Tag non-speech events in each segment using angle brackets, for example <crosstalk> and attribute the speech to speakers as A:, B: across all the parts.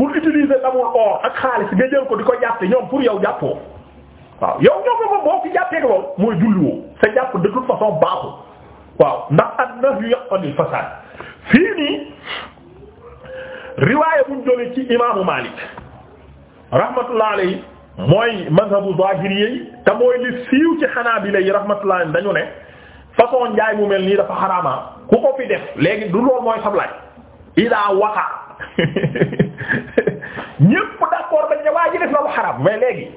A: bul utiliser amul or ak xaalis nga jël ko di ko jàppe ñoom pour yow jàppoo waaw yow ñoo ko moom boo fi jàppee lool mooy julliwoo sa jàpp de façon baaxul waaw ndax an-nahyu yaqtadi fasaad fii nii riwaaya buñ jëlee ci imaamu Maalik rahmatullah mooy mazhabu zahiriyyi te mooy li siiw ci Hanaabila yi rahmatullah dañu ne façon njaay mu mel nii dafa xaraama ah. ku ko fi def léegi du lool mooy sablaay idaa waqa <laughs> ñépp d'accord dañ ne ji def na lu xaram mais léegi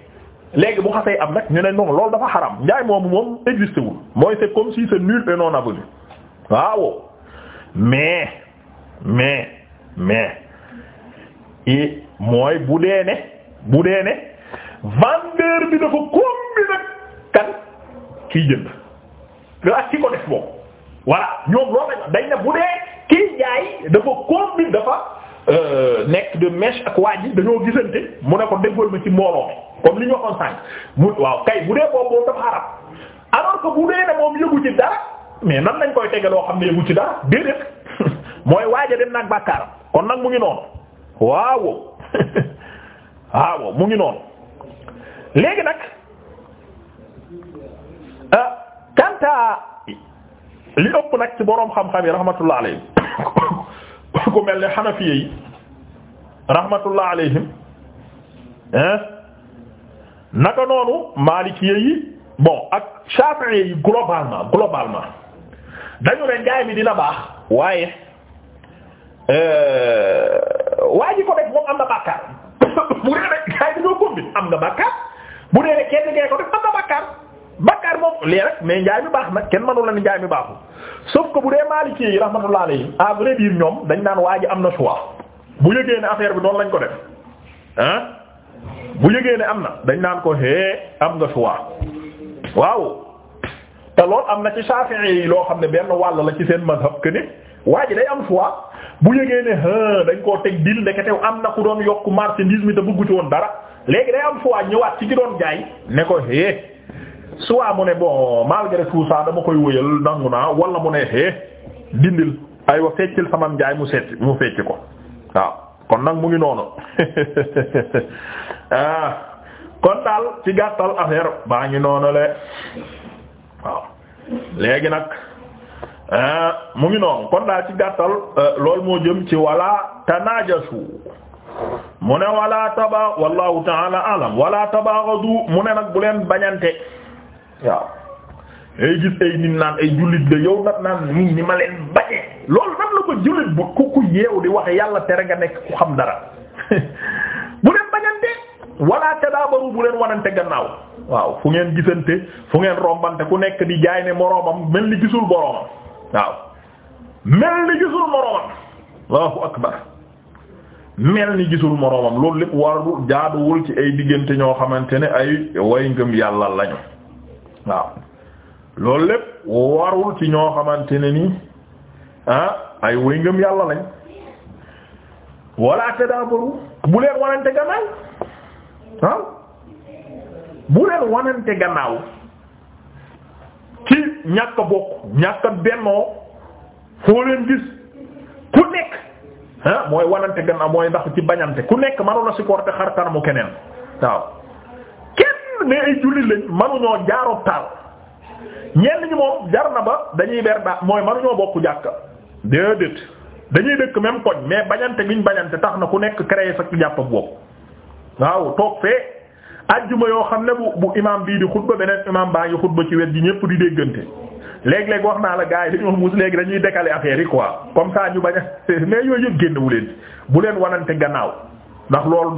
A: léegi bu xasee am nag ñu ne non loolu dafa xaram njaay moomu moom existé wul mooy c'est comme si c'est nul et non avenu waaw mais mais mais i mooy bu dee ne bu dee ne vendeur bi dafa combiner kan kiy jënd ak ki ko def moom voilà ñoom loolu dañ ne bu dee kiy jaay dafa combiner dafa Euh, nekk de mèche ak waa ji dañoo gisante mu ne ko déggoon ma ci mbooloo mi comme li ñu waxoon sànq mu waaw kay bu dee boobu moom dafa arab alors bu dee ne moom yëgu dara mais nan lañ koy tege loo xam ne yëgu ci dara déedéet <laughs> mooy waaja dem nag bàkkaaram kon nag mu ngi noonu waaw <laughs> waaw mu ngi noon léegi nag kanta euh, li ëpp nag ci boroom xam-xam yi rahmatullah alayhi <coughs> ku mel ne xanafiye yi rahmatullah alayhim hein naka noonu maalikiye yi bon ak shafi'i yi globalement globalement dañu ne njaay mi dina baax waaye euh, waa ji ko def moom am na bàkkaar bu dee rek njaay bi ñoo góob am nga bàkkaar bu dee rek kenn ko def am na bàkkaar. bakkaar moom lii rek mais njaay mi baax nag kenn mënu la ni njaay mi baaxul sauf que bu dee Maliki yi rahmatullah alayhi à vrai dire ñoom dañ naan waa ji am na choix bu yëgee ne affaire bi doon lañ ko def ah bu yëgee ne am na dañ naan ko hee am nga choix waaw te lool am na ci Shafi'i yi loo xam ne benn wàll la ci seen man que ne waaj ji day am choix bu yëgee ne ah dañ koo teg dil ndeketew am na ku doon yokk marchandise mi te bëggu ci woon dara léegi day am choix ñëwaat ci ki jaay ne ko soit mu ne bon malgré tout dama koy wëyal nangu naa wala mu ne eh dindil aywa feccil sama njaay mu seet mu fecc ko waaw kon nag mu ngi noonu <laughs> ah kon daal ci gàttal affaire baa ngi noonu le waaw léegi nag ah, mu ngi noonu kon daal ci gàttal eh, loolu moo jëm ci wala tanajasu mu ne wala taba wallahu ta'ala alam wala tabaghadu mu ne nag bu leen bañante. waaw ngay gis ay nit naan ay jullit de yow nag naan nii ni ma leen bañee loolu nan la ko jullit bu ku ku yeew di wax yàlla tere nga nekk ku xam dara <laughs> bu leen bañante walla tadaabaru bu leen wanante gannaaw waaw fu ngeen gisante fu ngeen rombante ku nekk di jaay ne moroomam mel ni gisul boroomam waaw mel ni gisul moroomam allahu akbar ni gisul moroomam loolu lépp warul jaaduwul ci ay diggante ñoo xamante ne ay way ngëm yàlla lañu waaw loolu lépp warul ci ñoo xamante ne ni ah ay wëy ngëm yàlla lañ walla tadaabaru bu leen wanante gannaaw ah bu leen wanante gannaaw ci ñàkk a bokk ñàkk a bennoo foo leen gis ku nekk ah mooy wanante gannaaw mooy ndax ci bañante ku nekk mënu la supporter xar kanamu keneen waaw dëgër mais ay jullit lañ manuñoo jaaroo taal ñenn ñi moom jar na ba dañuy ber daa mooy manuñoo bokk jàkka déedéet dañuy dëkk même koñ mais bañante giñ bañante tax na ku nekk créé sa jàpp bopp waaw toog fee ajjuma yoo xam ne bu bu imaam bii di xutba beneen imaam baa ngi xutba ci wet ji ñëpp di déggante léeg-léeg wax naa la gars yi dañoo muus léegi dañuy décaler affaire yi quoi comme saa ñu bañ a <laughs> mais yooyu yëpp génnewu leen bu leen wanante gannaaw ndax loolu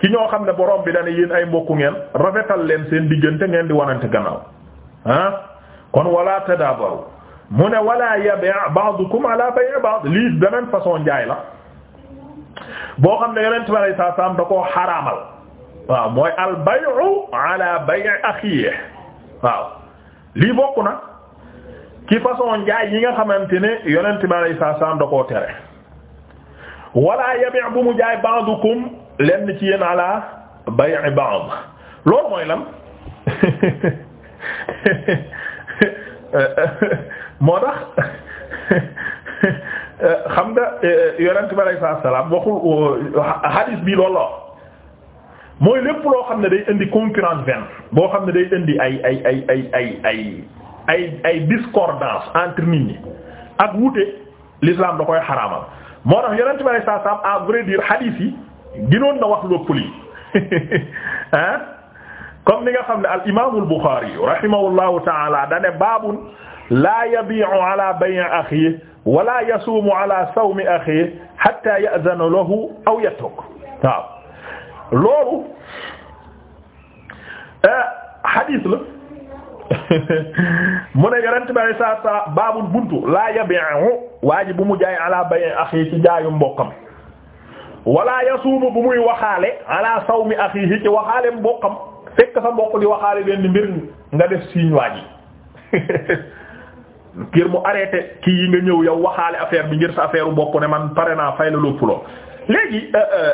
A: ci ñoo xam ne borom bi dane yéen ay mbokku ngeen rafetal leen seen diggante ngeen di wanante gannaaw ah kon wala tadabaru mu ne wala yabi' ba'dukum ala bay'i ba'd lii beneen façon njaay la boo xam ne yonent bi alayhi salaam da koo xaraamal waaw mooy al bay'u ala waaw lii bokk na ci façon njaay yi nga xamante ne yonent bi alayhi salaam da koo tere wala yabi' bu mu jaay ba'dukum lenn ci yéen ala bay'i ba'd loolu mooy lan <laughs> moo tax <laughs> xam nga eh, yonent bi alayhi salaam waxul eh, hadith bi loolu la mooy lépp loo xam ne day indi concurrence benn boo xam ne day indi ay ay ay ay ay ay ay discordance entre nit ñi ak wuute l'islam da koy xaraamal moo tax yonent bi alayhi salaam à vrai dire yi. ginoon na wax lépp lii ah <laughs> comme ni nga xam ne al imaamul Buxaari rahimahullahu ta'ala da ne baabun laa yabii'u ala bay'i akhihi wala yasuumu ala sawmi akhihi hatta ya'zana lahu aw yatruk waaw loolu eh, hadith la <laughs> mu ne yonent bi saa saa baabul buntu laa yabii'u waa ji bu mu jaay ala bay'i akhihi ci jaayu mbokkam wala yasuumu bu muy waxaale ala sawmi axiihi ci waxaale mbokkam fekk sa mbokk di waxaale benn mbir nga def siiñ waa ji <laughs> mu arrêté kii yi nga ñëw yow waxaale affaire bi ngir sa affaire bopp ne man pare naa fay la lépp loo léegi euh, euh,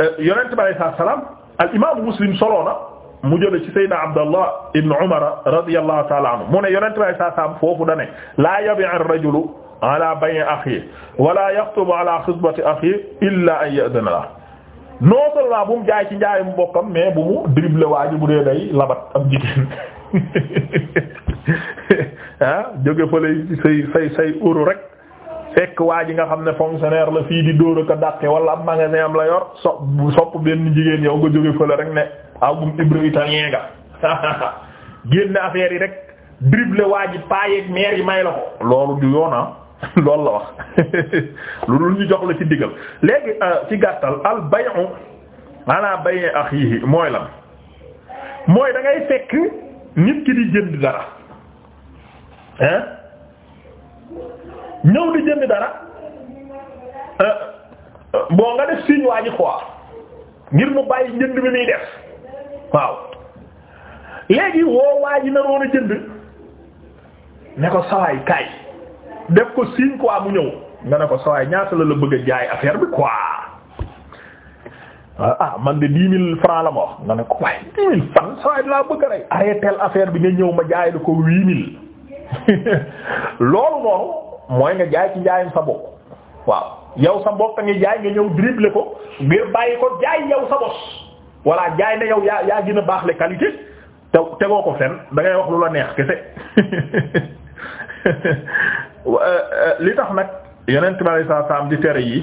A: euh, yonent bi alayhi salaam al muslim solo na mu jële ci sayyidina abdallah ibn umar radiyallahu ta'ala anhu mu ne yonent bi alayhi salaam foofu da laa yabi'u ar ala bay'i akhi wala yaxtubu ala xitbati akhi illa an ya'dana la non seulement bu mu jaay ci njaayum bokkam mais bu mu dribble bu dee day labat am jigéen <laughs> ah jóge fële say say say euro rek fekk waa ji nga xam ne fonctionnaire la fii di dóor ak dàqe wala am magasin am la yor so sopp benn jigéen yow nga jóge fële rek ne album hébreu italien nga <laughs> génn affaire yi rek dribble waa ji paayeeg la ko loolu du yoona ah. <laughs> loolu la wax <laughs> lu dul ñu jox la ci digal léegi euh, ci gàttal al bay'u ala bay'i mooy la mooy dangay ngay fekk nit ki di jënd dara hein ñëw di jënd dara euh, euh, boo nga def signe waa ji ngir mu bàyyi njënd bi muy def waaw léegi woo waa ji naroon a jënd ne ko sawaay kaay def ko signe quoi mu nga ne ko sawaay ñaata la la bëgg a jaay affaire bi quoi ah, ah man de dix mille la ma wax nga ne ko waaye dix mille francs sawaay laa bëgg a rey arrêtel affaire bi nga ñëw ma jaay ko huit mille <laughs> loolu noonu mooy nga jaay ci waaw yow sa mbokk nga ñëw dribble ko ngir bàyyi ko jaay yow sa bos voilà jaay na yow yaa yaa gën a baax le qualité te tegoo ko fenn da wax lu la neex kese <laughs> Euh, euh, li tax nag yonent bi alayhi salaam di tere yi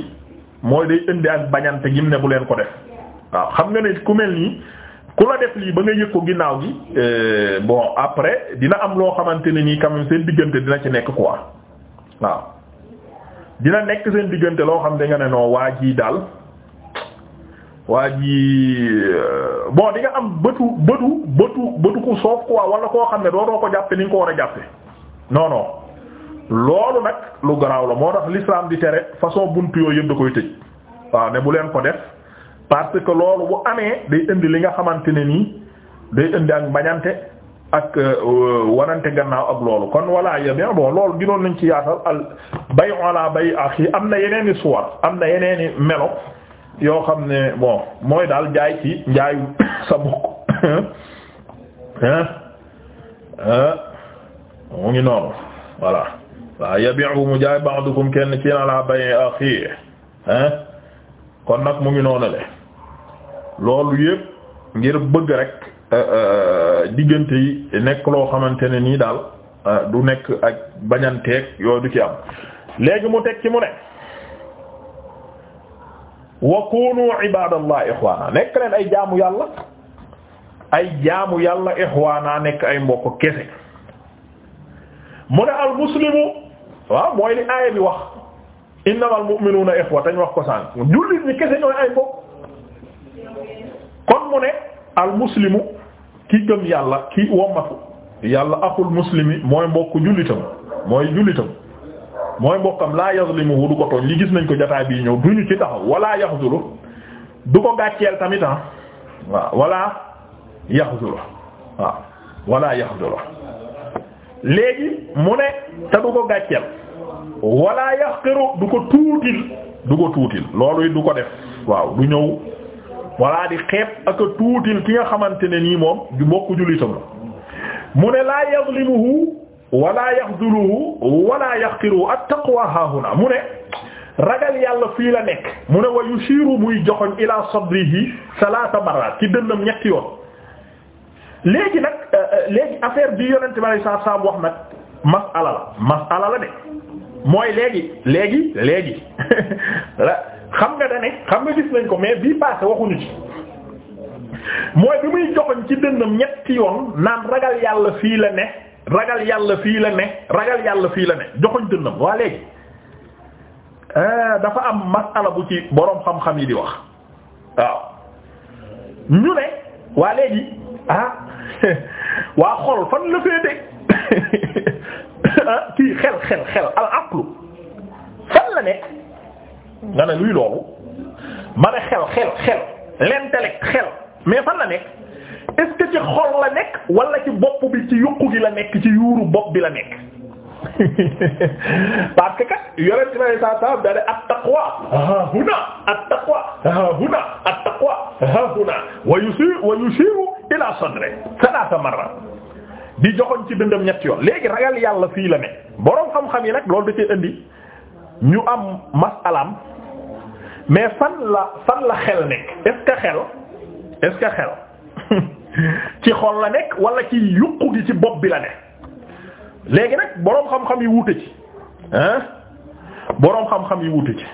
A: mooy day indi ak bañante gim ne bu leen ko def waaw xam nga ne ku mel nii ku la def lii ba nga yëg ko ginnaaw gi euh, bo après dina am loo xamante ne nii quand même seen diggante dina ci nekk quoi waaw dina nekk seen diggante loo xam ne nga ne non waa jii daal waa jii bo dinga am bëtu bëtu bëtu bëtu ku soof quoi wala koo xam ne dootoo ko jàppe ni nga ko war a jàppe non loolu nag lu garaaw la moo tax l'islam di tere façon buntu yooyu yëpp da koy tëj waaw ne bu leen ko def parce que loolu bu amee day indi li nga xamante ne nii day indi ak mbañante ak euh, wanante gannaaw ak loolu kon walla yebien bon loolu ginoon nañ ci yaatal al bay ala bay axi am na yeneen i suwar am na yeneeni melo yoo xam ne bon mooy daal njaay ci njaayu <coughs> sa bokk <coughs> mu ngi noonu voilà waaw yabi'u mu jaay ba'dukum kenn ci ala bay'i akhihi hein kon nag mu ngi noonu le loolu yépp ngir bëgg rek euh, euh, diggante yi nekk loo xamante ne nii daal euh, du nekk ak bañanteeg yooyu du ci am léegi mu teg ci mu ne wa kunu ibadallah ixwaana nekk leen ay jaamu yàlla ay jaamu yàlla ixwaana nekk ay mbokk kese mu ne al waaw mooy li aaya bi wax innamal mu'minuna ikhwa tañ wax ko sànq jullit ñi kese ñooy ay mbokk kon mu ne al muslimu ki gëm yàlla ki wommatu yàlla axul muslimi mooy mbokk jullitam mooy jullitam mooy mbokkam laa yazlimuhu du ko tooñ li gis nañ ko jotaay bii ñëw duñu ci taxaw wala yaxzulu du ko gàcceel tamit ah waaw wala yaxzulu waaw wala yaxzulu léegi mu ne te du ko gàcceel wala yaxqiru du ko tuutil du ko tuutil loolu du ko def waaw du ñëw wala di xeet ak a tuutil ki nga xamante ne nii moom du mbokku jullitam la mu ne laa yazlimuhu wala yaxduluhu wala yaxqiru at-taqwa haahuna mu ne ragal yàlla fii la nekk mu ne wa yushiru muy joxoñ ila sadrihi salaata marrat ci dënnam ñetti yoon léegi nag euh, euh, léegi affaire bi yonent bi saa saabu wax nag masala la masala la de mooy léegi léegi léegi <laughs> xam nga da ne xam nga gis nañ ko mais bii passé waxuñu ci mooy bi muy joxoñ ci dënnam ñetti yoon naan ragal yàlla fii la ne ragal yàlla fii la ne ragal yàlla fii la ne joxoñ dënnam waa léegi euh, dafa am masala bu ci boroom xam-xam yi di wax waaw ñu ne waa léegi ah <laughs> waa xol fan la fee dégg <laughs> kii xel xel xel al aqlu fan la ne nga ne luy loolu ma xel xel xel l'intellect xel mais fan la nekk est ci xol la nekk walla ci bopp bi ci yuqu gi la nekk ci yuuru bopp bi la nekk <laughs> parce que kat yore ci may saa saa daal at-taqwa ha huna at-taqwa ha huna at-taqwa ha huna wa yusiru wa yusiru ila sadri salaasa marra di joxoñ ci dëndam ñetti yoon léegi ragal yàlla fii la ne boroom xam-xam yi nag loolu da cee indi ñu am masalaam mais fan la fan la xel nekk est-ce que xel est-ce xel <laughs> ci xol la nekk wala ci yuqu gi ci bopp bi la ne léegi nag boroom xam-xam yi wute ci ah boroom xam-xam yi wute ci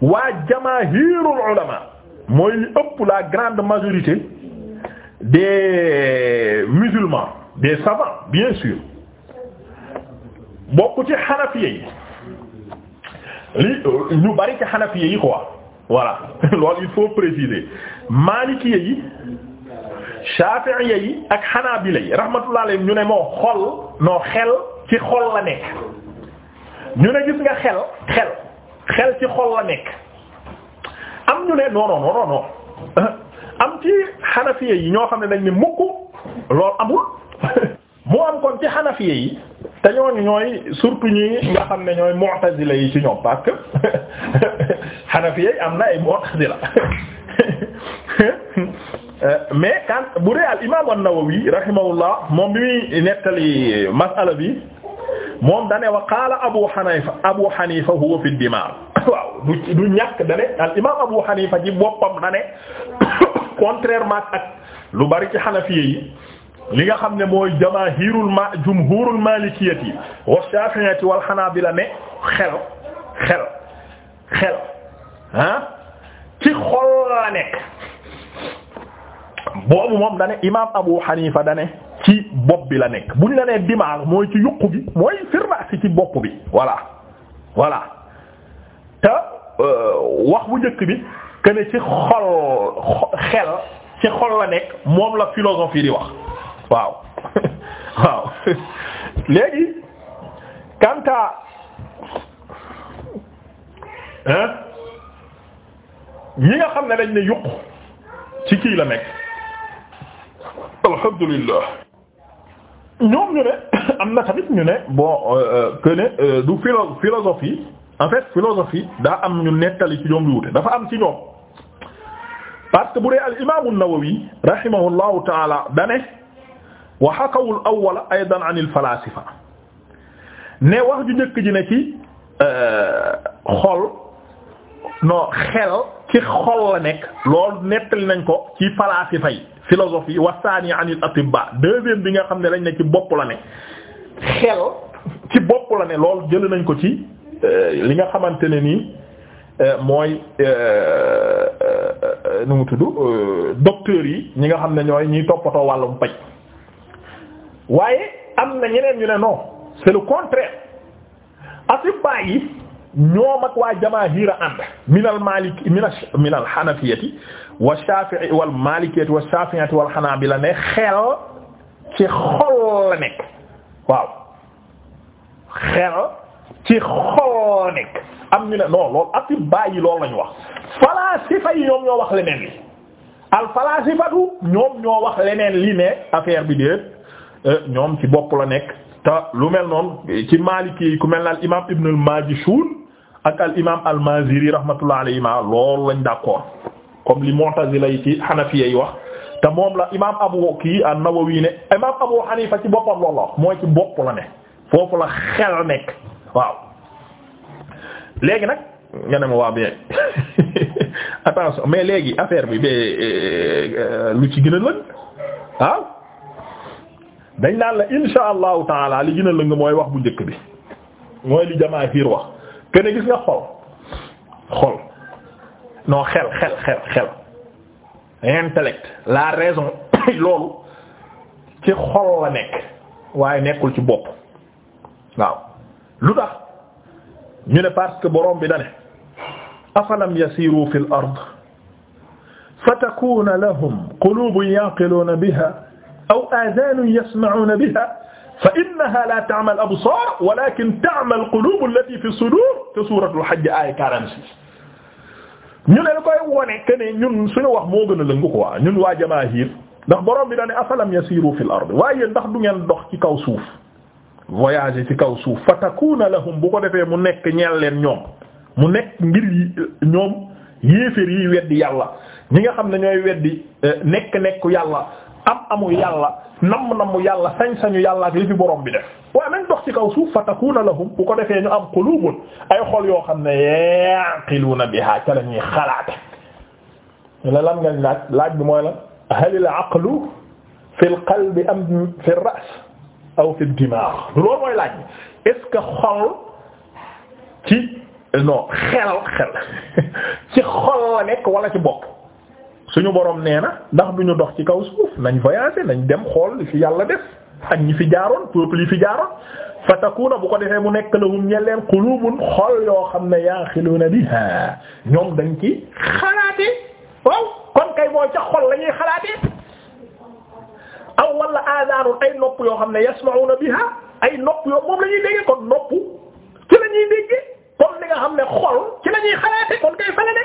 A: waa jamaahirul ulama mooy li ëpp la grande majorité des musulmans des savants bien sûr bokk ci xanafiya yi li ñu bari ci xanafiya yi quoi voilà <laughs> loolu il faut préciser maalikiya yi shafi'iya yi ak xanaabila yi rahmatullah alayhim ñu ne moo xol noo xel ci xol la nekk gis nga xel xel xel ci xol la am ñu ne <laughs> am ci xanafiye yi ñoo xam ne dañ ni mukk loolu amul <laughs> mu am kon ci xanafiye yi te ñooñu ñooy surtout ñi nga xam ne ñooy mu'tazila yi ci ñoom parce que <laughs> yi am na ay mu'tazila <laughs> mais kan bu dee al imaam an-Nawawi rahimahullah moom bi muy nettali masala bi moom dane wa qaala Abu Hanifa Abu Hanifa huwa fi dimaar waaw du du dane al imaam Abu Hanifa ci boppam dane <coughs> contrairement ak lu bari ci xanafiya yi li nga xam ne mooy jamaahirul ma jumhurul maalikiyati wa shafi'iyati wal xanaabila ne xel xel xel ah ci xol la nekk boobu moom dane imaam Abu Hanifa dane ci bopp bi la nekk bu ñu la nee dimaag mooy ci yuq bi mooy firra ci bopp bi voilà voilà te euh, wax bu njëkk bi ne ci xol xel ci xol la nekk moom la philosophie di wax waaw <laughs> waaw léegi kanta hein ñi nga xam ne dañ ne yuq ci kii la nekk alhamdulillah ñoom ñu ne <coughs> am na tamit ñu ne bon euh, euh, que ne euh, du philo philosophie en fait philosophie daa am ñu nettali ci ñoom lu wute dafa am ci ñoom parce que bu dee al imaamu Nawawi rahimahullahu taala dane wa hakawul awwala aydan an il falaasifa ne wax ju njëkk ji ne ci euh, xol non xel ci xol la nekk lool nettali nañ ko ci falaasifa yi philosophe yi wasaani an il atibba deuxième bi nga xam ne dañ ne ci bopp la ne xel ci bopp la ne loolu jël nañ ko ci euh, li nga xamante ne nii euh, mooy nu mu tudd euh, docteurs yi ñi nga xam ne ñooy ñiy toppatoo wàllum paj waaye am na ñeneen ñu ne noo c'est le contraire atibba yi ñoom ak waa jamaahira ànd minal maliki minal minal hanafiyati wa shafi'i wal malikiyati wa shafi'ati wal hanabila ne xel ci xol la nekk waaw xel ci xol la nekk am ñu ne non loolu atibba yi loolu lañu wax falaasifa yi ñoom ñoo wax leneen li al falaasifatu ñoom ñoo wax leneen li ne affaire bi déet euh, ñoom ci bopp la nekk te lu mel noon ci Maliki yi ku mel ne al imaam Ibn al Majishun ak al imaam al Maziri rahmatullah alayhima loolu lañ d'accord comme li Mu'tazila yi ci Hanafiya wax te moom la imaam Abu kii an-Nawawi ne imaam Abu Hanifa ci boppam loolu la wax mooy ci bopp la ne foofu la xel nekk waaw léegi nag. nga ne ma waa bien <laughs> attention mais léegi affaire bi ba euh, lu ci gën a lëng waaw ah? dañ naan la insha allahu taala li gën lëng mooy wax bu njëkk bi mooy li jamaahiir wax kenn gis nga xol xol non xel xel xel xel intellect la raison <coughs> loolu ci xol la nekk waaye nekkul ci bopp waaw lu tax ñu ne parce que borom bi da ne afalam yasiiru fil ard fatakuuna lahum quluubun ya'qiluuna bihaa aw aadaanun yasma'uuna bihaa fa innahaa laa ta'mal absaar walaakin ta'mal quluubu allatii fi suduur te suuratul hajj aaya 46 ñu ne la koy wone que ne ñun suñu wax moo gën a lëngu quoi ñun waa jamaahir ndax borom bi dañ ne afalam yasiiru fil ard waaye ndax du ngeen dox ci kaw suuf voyager ci kaw suuf fatakuuna lahum bu ko defee mu nekk ñeel leen ñoom. mu nekk ngir eh, ñoom yéeféer yi weddi yàlla ñi nga xam ne ñooy weddi eh, nekk-nekku yàlla am amu yàlla namm-namm yàlla sañ-sañu yàlla ak li fi borom bi def waaw nañ dox ci kaw suuf fa takuna lahum bu ko defee ñu am qulubun ay xol yoo xam ne yaqiluuna biha ca la ñuy xalaate la lan nga laaj laaj bi mooy la halil aqlu fi l am fi ras aw fi dimaag bi est xol ci non xelal xel <laughs> ci xol la nekk wala ci bopp suñu borom nee na ndax bu ñu dox ci kaw suuf nañ voyager nañ dem xool li fi yàlla def ak ñi fi jaaroon peuple yi fi jaaroon fa takuna bu ko defee mu nekk lahum ñe leen qulubun xol yoo xam ne yaa yaqiluuna biha ñoom dañ ci xalaate waaw kon kay mooy ca xol la ñuy aw wala aadaanun ay nopp yoo xam ne yasma'una biha ay nopp yoo moom la ñuy kon nopp ci la ñuy comme li nga xam ne xol ci la xalaate kon kay fale ne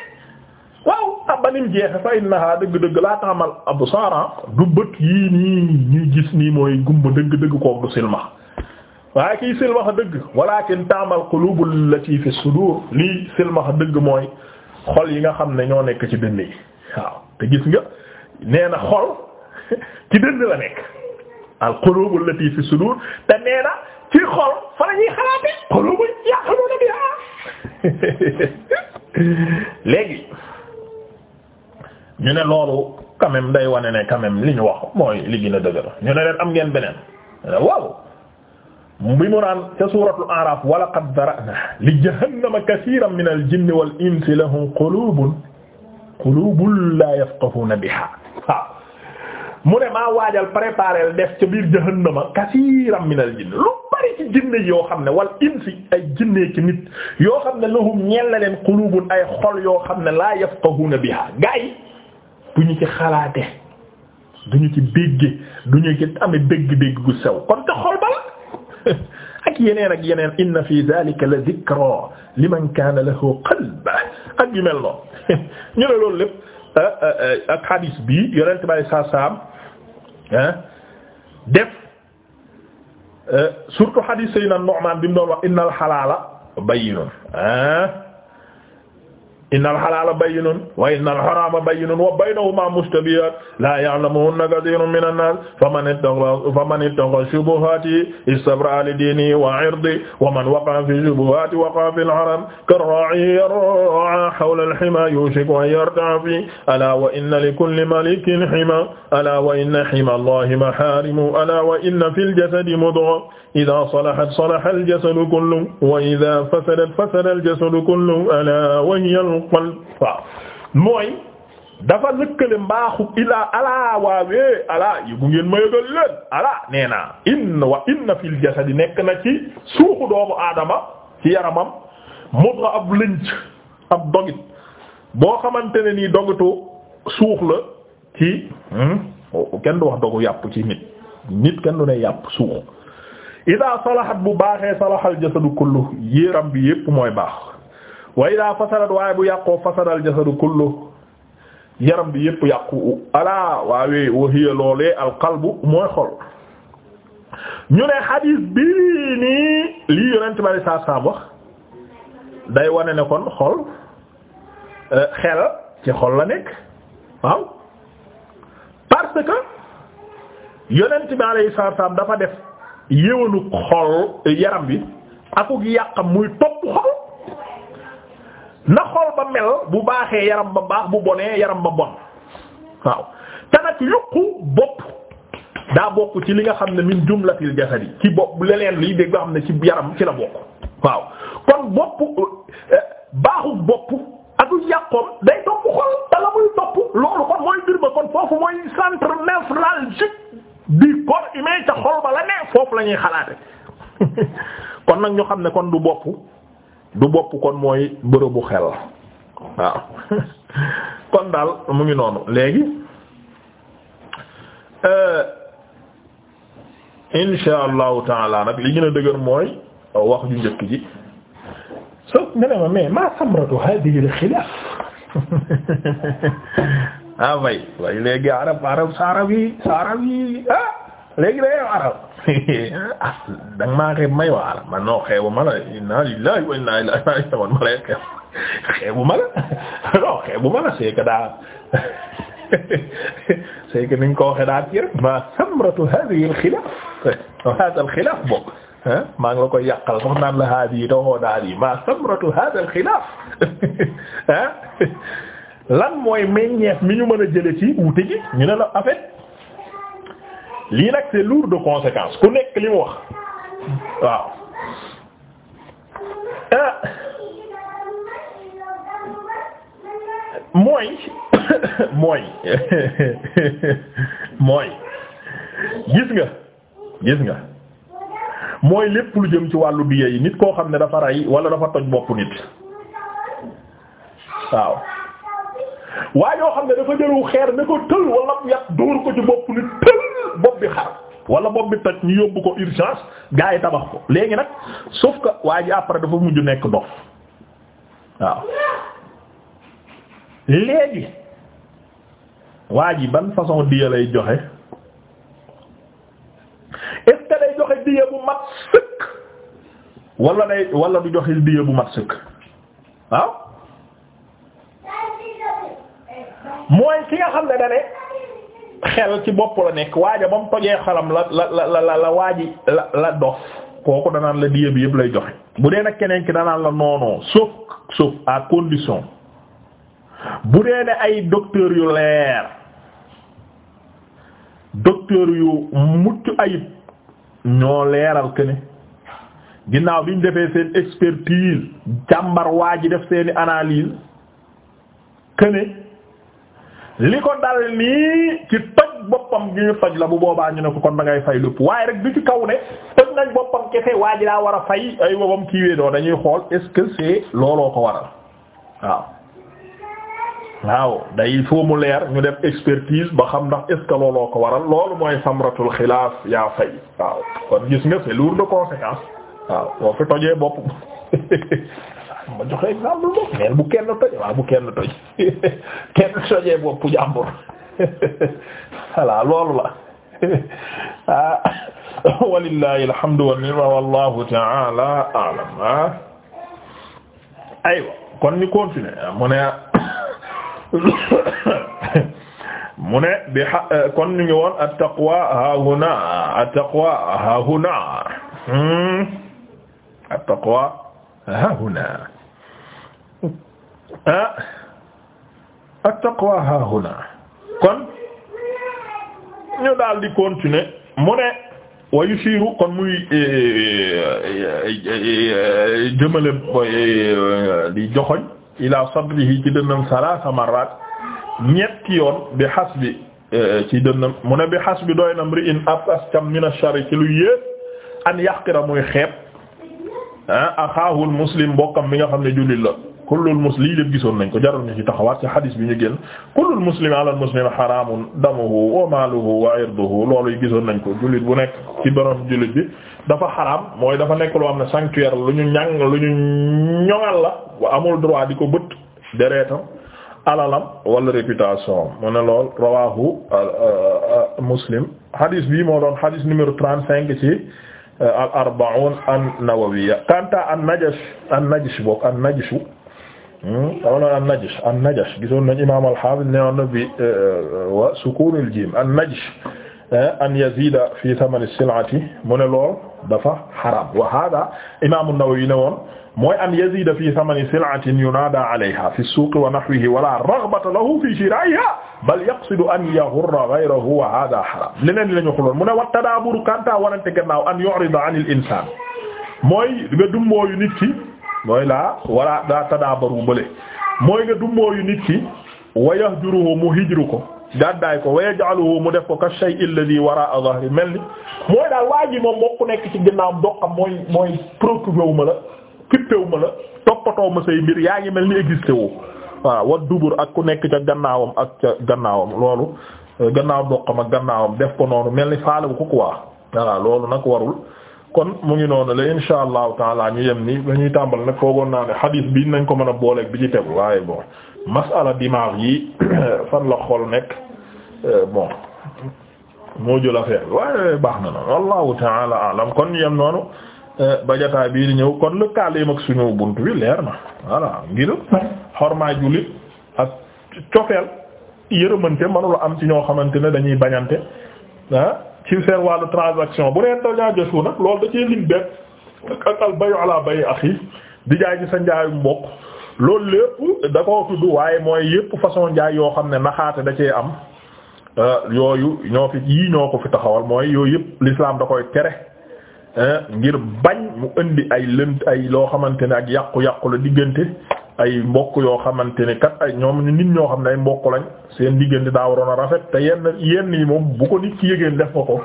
A: waaw ab ah, banim jeexe fa innaha dëgg-dëgg laa taamal absaara du bët yii nii ñuy gis nii mooy gumb dëgg-dëgg koog du silmax waaye kii silmax dëgg walakin taamal qulubul lati fi sudur lii silmax dëgg mooy xol yi nga xam ne ñoo nekk ci dënd yi waaw te gis nga nee na xol <laughs> ci dënd la nekk al qulubul lati fi sudur te nee ci xol fa la ñuy xalaate xolu bu yaquluna biha ah. léegi ñu ne loolu quand même day wane ne quand même li ñu wax mooy li gën a dëgër ñu ne leen am ngeen beneen waaw bi mu naan ca suuratul A'raaf wa laqad zara'na li jahannama kasiiran min al-jinni wal-insi lahum quluubun quluubun laa yafqahuuna bihaa mu ne maa waajal préparer def ca biir jahannama kasiiram minal jinn lu bari ci jinne yoo xam ne wal insi ay jinne ci nit yoo xam ne lahum ñeel na leen qulubun ay xol yoo xam ne laa yafqahuna biha gaa yi du ñu ci xalaate du ci dégge du ñu ci ame dégg-dégg gu sew kon te xol bala <laughs> ak yeneen ak yeneen inna fi dhalika la dhikra liman kaana lahu qalb ak yu mel <laughs> ñu ne loolu lépp ah, ah, ah, ak hadis bi yonent bi sallallahu alayhi ah def euh, surtout hadith Seydina Nu'man bi mu doon wax innal xalaala bayyinun ah innal halaala bayyinun wa innal haraama bayyinun wa baynahumaa mushtabihaat laa ya'lamuhunna kathiirun minan naas faman ittaqa faman ittaqa shubuhaati istabra'a lidiinihi wa 'irdihi wa man waqa'a fi shubuhaati waqa'a fil haram karraa'ihi yar'aa hawla al-himaa yuushiku an yarta'a fiihi alaa wa inna likulli malikin himaa alaa wa inna himaa Allaahi mahaarimuhu alaa wa inna fil jasadi mudghatan izaa salahat salaha al-jasadu kulluhu wa izaa fasadat fasada al-jasadu kulluhu alaa wa hiya man mooy dafa lëkkale mbaaxu ilaa alaa waawee alaa yi ngeen ma yëgal leen alaa nee naa inna wa inna fil jasadi nekk na ci suuxu doomu aadama ci yaramam mudra ab lënc ab dogit boo xamante ne nii dogitu suux la ci hmm? oh, kenn du wax dogu yàpp ci nit nit kenn du ne yàpp suux idaa salahat bu baaxee salaxal jasadu kullu yéram bi yépp mooy baax wa idaa fasadat waaye bu yàqoo fasadal jasadu kullu yaram bi yépp yàqu alaa waawee wa hiya loolee alqalbu mooy xol ñu ne xadiis bii nii lii yonent bari saa saam wax day wane ne kon xol xel ci xol la nekk waaw parce yonent bi alayhi salaam dafa def yéwénu xol yaram bi akuk yàqam muy topp xol na xol ba mel bu baaxee yaram ba baax bu bonee yaram ba bon waaw te nag yokku bopp daa bokk ci li nga xam ne min jumlatil jasadi ci bopp leneen liy dégg nga xam ne ci yaram ci la bokk waaw kon bopp eh, baaxu bopp ak yàqoom day topp xol te muy topp loolu kon mooy mbir ma kon foofu mooy centre névralgique du corps humain ca xol ba ne foofu la xalaate <laughs> kon nag ñu xam ne kon du bopp du bopp kon mooy bërëbu xel waaw kon daal mu ngi noonu léegi euh, insha allahu taala nag li gën a dëgër mooy wax ju njëkk ji so nga ma mais ma samratu hadihi al xilaaf <laughs> ah way way léegi arab arab saarab yi saarab yi ah léegi day aral danga maa xeeb may waa aral man non xeebu ma la inna lillahi wa inna ilayhi raji'un ma lay xeeb la non ma la daa c'est que ni nga ko waxee daa ci rek ma samratu hadhihi al-khilaf wa maa ngi la koy yàqal sax yi tawoo daal yi ma samratu hadha al-khilaf lan mooy meññeef mi ñu mën a jële ci wuute gi ñu ne la en lii nag c'est lourd de conséquences ku nekk li mu wax waaw ah. mooy <coughs> mooy <coughs> mooy gis nga gis nga mooy lépp lu jëm ci wàllu diya yi nit koo xam ne dafa rey wala dafa toj bopp nit waaw waa yoo xam ne dafa jëlu xeer ne ko tël wala yàq dóor ko ci bopp nit tël bopp bi xar wala bopp bi toj ñu yóbbu ko urgence gars yi tabax ko léegi nag sauf que waa ji après dafa mujj nekk dof waaw léegi waa ji ban façon diya lay joxe est ce que joxe diya bu mat sëkk wala day wala du joxe diya bu mat sëkk waaw mooy ki nga xam ne da ne xel ci bopp la nekk waaja ba mu tojee xalam la la la la la waaji la la dof kooku danaan la diya yëpp lay joxe bu dee nag keneen ki danaan la noonoo sauf sauf à condition bu dee ne ay docteur yu leer docteur yu mucc ayib ñoo leeral que ginnaaw biñ ñu defee seen expertise jàmbar waa ji def seeni analyse que li ko dal nii ci toj boppam gi ñu toj la bu boobaa ñu ne ko kon dangay fay lépp waaye rek du ci kaw ne toj nañ boppam kese waa ji daa war a fay ay boppam kiiwee doo dañuy xool est-ce que c'est looloo ko waral waaw day foo mu leer ñu def expertise ba xam ndax est-ce que looloo ko waral loolu mooy samratul xilaaf yaa fay waaw kon gis nga c'est lourd conséquence waaw boo fi tojee bopp <laughs> ma joxe exemple bopp mais bu kenn toj waaw bu kenn toj <laughs> kenn tojee bopp jàmbur <laughs> voilà loolu la <laughs> ah walillahi alhamdu wal minna wallahu ta'ala a'lam ah. aywa kon ñu continuer mu ne <coughs> mu ne bi eh, kon ñu ngi woon at-taqwa haahuna at-taqwa haahuna hmm? at-taqwa haahuna ah at-taqwa haahuna kon ñu daal di continuer mu ne wa yushiru kon muy e, e, e, jëmale di joxoñ ila sadrihi ci dënnam salaasa marrat ñetti yoon bi hasbi ci dënnam mu ne bi hasbi doy na mri'in afas cam min ash-shar ci lu yées an yaqira muy xeeb ah axaahul muslim mbokkam mi nga xam ne jullit la kullul muslim lii lépp gisoon nañ ko jarul ñu ci taxawaat ci hadis bi ñu génn kullul muslim ala muslim haramun damuhu wa maaluhu wa irduhu loolu gisoon nañ ko jullit bu nekk ci borom jullit bi dafa xaraam mooy dafa nekk loo am ne sanctuaire lu ñu ñàng lu ñu ñoŋal la wa di ko bët dereetam alalam wala réputation mu ne lool rawahu euh, euh, muslim hadis bi moo doon hadis numéro trente-cinq ci euh, al arba'un an-nawawiyya kanta an-najash an-najash bok an-najshu Hmm? tawna an-Najsh an-Najsh gisoon nañ imaam al-Haafiz ne woon na bi eh, eh, wa sukuunul jiim an-Najsh eh, an yazida fi thamani as-sil'ati mu ne lool dafa xaram wa haaza imaam an-Nawawi ne woon mooy an yazida fi thamani sil'atin yunaada 'alayha fi as-suuqi wa nahwihi wa laa raghbata lahu fi shiraa'iha bal yaqsidu an yaghurra ghayrahu wa haaza haram leneen la ñu xuloon mu ne wa tadaaburu kanta warante gannaaw an yu'rida 'ani al-insaan mooy ba dumbooyu nit ki mooy laa wala daa tadaabaru bële mooy nga dummóoyu nit ki wayax juruhu mu hijru ko gàddaay ko waya jaaluhu mu def ko ka shay alladhi wara'a dhahri mel ni mooy daal waa ji moom moo ku nekk ci ginnaawam doxam mooy mooy préoccupé wu ma la kippé wu ma la toppatoo ma say mbir yaa ngi mel ni existé wu waaw wa dubur ak ku nekk ca gannaawam ak ca gannaawam loolu gannaaw doxam ak gannaawam def ko noonu mel ni faale wu ko quoi voilà loolu nag warul kon mu ngi noonu la insha allahu taala ñu yem ni ba ñuy tàmbal nag foogoon naa ne xadiis bi nañ ko mën a booleeg bi ci tegu waaye bon masala dimaag yi <coughs> fan la xol nekk euh, bon moo jël affaire waaye baax na noonu wallahu taala alam kon ñu yem noonu euh, ba jotaay bii di ñëw kon lëkkaaleem ak suñu bunt bi leer na voilà ngir xormaay jullit ak cofeel yërëmante manula am ci ñoo xamante ne dañuy bañante ah. ci seen wàllu transaction bu dee dañaa jësu nag loolu da cee lim benn ak al bayu ala bayi axi di jaay ci sa njaayu mbokk loolu lépp da koo tudd waaye mooy yépp façon njaay yoo xam ne naxaate da cee am euh, yooyu ñoo fi yii ñoo ko fi taxawal mooy yooyu yépp l'islam da koy kere euh, ngir bañ mu indi ay lënt ay loo xamante ne ak yàqu-yàqu la diggante ay mbokk yoo xamante ne kat ay ñoom ñu nit ñoo xam ne ay mbokk lañ seen diggante daa waroon a rafet te yenn yenn yi moom bu ko nit ki yëgeen def nga ko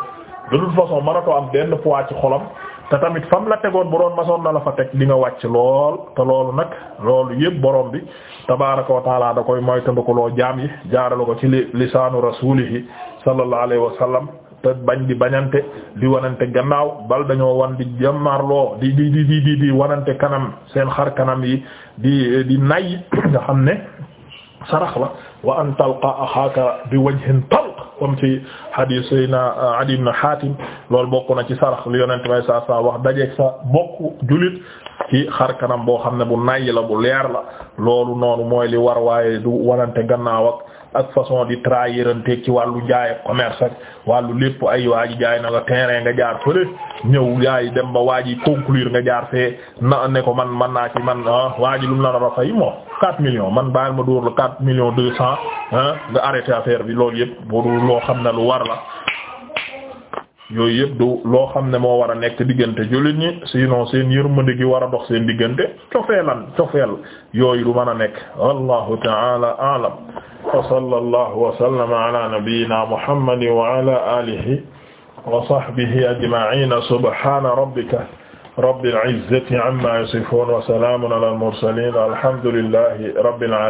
A: de toute façon mënatoo am benn poids ci xolam te tamit fam la tegoon bu doon masoon na la fa teg di nga wàcc lool te loolu nag loolu yëpp borom bi tabaaraka wa taala da koy ko loo jaam yi jaarale ko ci li lisaanu rasuulihi sallallahu alayhi wa sallam te bañ di bañante di wanante gannaaw bal dañoo wan di jàmmarloo di di di di di wanante kanam seen xar kanam yi di di nay <coughs> nga xam ne sarax la wa an talqa axaaka bi wajhin talq comme ci hadis sayna Adi ibn Hatim loolu bokk na ci sarax li yonente may saa saa wax dajeeg sa bokk jullit ci xar kanam boo xam ne bu nay la bu leer la loolu noonu mooy li war waaye du wanante gannaaw ak façon di trahirante ci wàllu jaay ak commerce ak wàllu lépp ay waa ji jaay na nga terrain nga jaar fële ñëw yaay dem ba waa ji conclure nga jaar fee na ne ko man man naa ci man ah, waa ji lu mu la nar a fay moo millions man baal ma dóor la 4 millions 200 ah, nga arrêté affaire bi loolu yëpp boo loo xam ne lu war la. yooyu yëpp du loo xam ne moo war a nekk diggante jullit ñi sinon seen yërmande gi war a dox seen diggante cofeelan cofeel yooyu du mën a nekk wallahu ta'ala a'lam wa sallallahu wa sallama ala nabiyyina muhammadin wa ala alihi wa sahbihi ajma'ina subhana rabbika rabbil izzati amma yasifun wa salamun ala al mursalin alhamdulillahi rabbil alamin